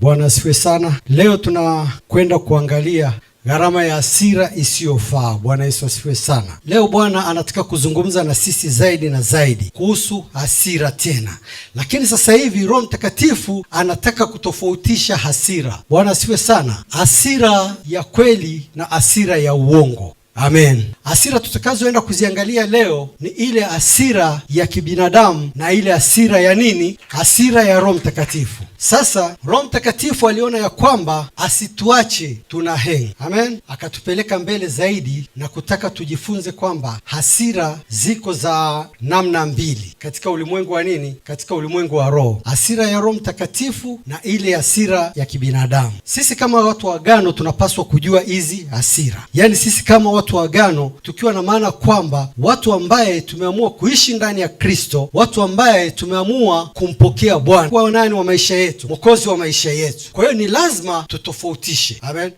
Bwana asifiwe sana. Leo tunakwenda kuangalia gharama ya hasira isiyofaa. Bwana Yesu asifiwe sana. Leo Bwana anataka kuzungumza na sisi zaidi na zaidi kuhusu hasira tena, lakini sasa hivi Roho Mtakatifu anataka kutofautisha hasira. Bwana asifiwe sana, hasira ya kweli na hasira ya uongo. Amen. Hasira tutakazoenda kuziangalia leo ni ile hasira ya kibinadamu na ile hasira ya nini? Hasira ya Roho Mtakatifu. Sasa Roho Mtakatifu aliona ya kwamba asituache tuna heng. Amen. Akatupeleka mbele zaidi na kutaka tujifunze kwamba hasira ziko za namna mbili katika ulimwengu wa nini? Katika ulimwengu wa roho. Hasira ya Roho Mtakatifu na ile hasira ya kibinadamu. Sisi kama watu wa agano tunapaswa kujua hizi hasira. Yaani sisi kama watu wa agano, tukiwa na maana kwamba watu ambaye tumeamua kuishi ndani ya Kristo, watu ambaye tumeamua kumpokea Bwana kuwa nani wa maisha yetu, mwokozi wa maisha yetu. Kwa hiyo ni lazima tutofautishe. Amen.